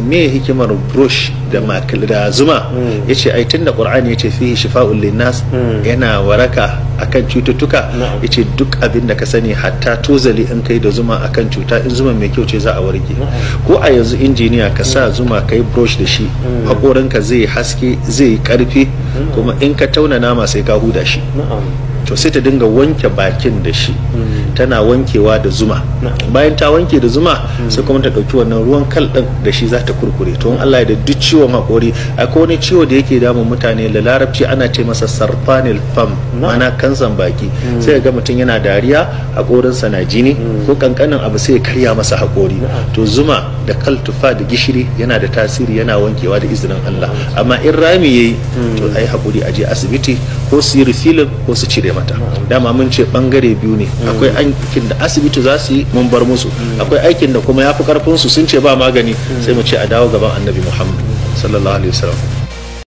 me hikimar brush da makil da zuma hmm. ya ce ai tun da ƙur'ani ya ce shifa shifa'un linnas hmm. yana waraka akan cututtuka ya ce duk abin da ka sani hatta tozali in kai da zuma akan cuta in zuma mai kyau ce za a warge ko a yanzu injiniya ka sa hmm. zuma ka yi brush da shi haƙorinka zai haske zai yi ƙarfi kuma in ka tauna nama sai ka huda shi to sai ta dinga wanke bakin da shi tana wankewa da zuma bayan ta wanke da zuma sai kuma ta ɗauki wannan ruwan kal ɗin da shi za ta kurkure to in Allah ya da duk ciwon hakori, akwai wani ciwo da yake damun mutane da larabci ana ce masa sarfanil fam mana kansan baki sai ga mutum yana dariya haƙorinsa na jini ko kankanin abu sai ya karya masa hakori. to zuma da kaltufa da gishiri yana da tasiri yana wankewa da izinin Allah amma in rami yayi to ai hakuri a je asibiti ko su yi refilling ko su cire mata dama mun ce bangare biyu ne akwai aikin da asibiti za su yi mun bar musu akwai aikin da kuma yafi karfin su sun ce ba magani sai mu ce a dawo gaban annabi Muhammad sallallahu alaihi wasallam